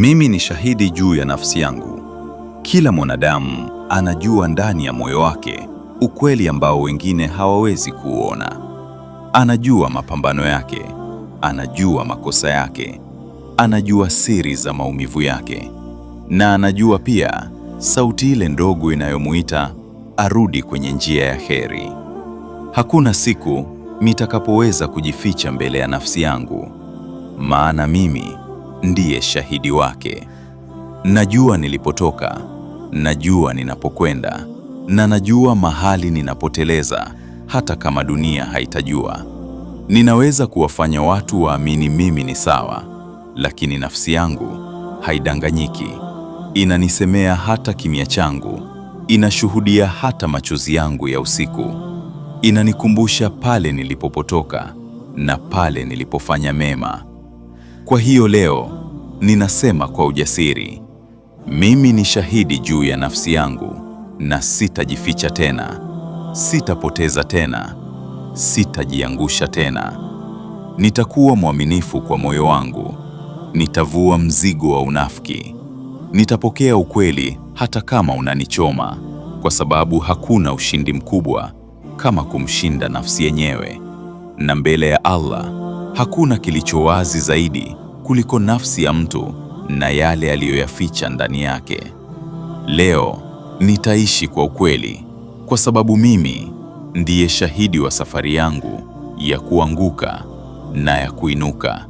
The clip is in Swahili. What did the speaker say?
Mimi ni shahidi juu ya nafsi yangu. Kila mwanadamu anajua ndani ya moyo wake ukweli ambao wengine hawawezi kuona. Anajua mapambano yake, anajua makosa yake, anajua siri za maumivu yake, na anajua pia sauti ile ndogo inayomuita arudi kwenye njia ya heri. Hakuna siku nitakapoweza kujificha mbele ya nafsi yangu, maana mimi ndiye shahidi wake. Najua nilipotoka, najua ninapokwenda, na najua mahali ninapoteleza, hata kama dunia haitajua. Ninaweza kuwafanya watu waamini mimi ni sawa, lakini nafsi yangu haidanganyiki. Inanisemea hata kimya changu, inashuhudia hata machozi yangu ya usiku. Inanikumbusha pale nilipopotoka na pale nilipofanya mema. Kwa hiyo leo ninasema kwa ujasiri, mimi ni shahidi juu ya nafsi yangu, na sitajificha tena, sitapoteza tena, sitajiangusha tena. Nitakuwa mwaminifu kwa moyo wangu, nitavua mzigo wa unafiki, nitapokea ukweli hata kama unanichoma, kwa sababu hakuna ushindi mkubwa kama kumshinda nafsi yenyewe, na mbele ya Allah Hakuna kilicho wazi zaidi kuliko nafsi ya mtu na yale aliyoyaficha ndani yake. Leo nitaishi kwa ukweli, kwa sababu mimi ndiye shahidi wa safari yangu ya kuanguka na ya kuinuka.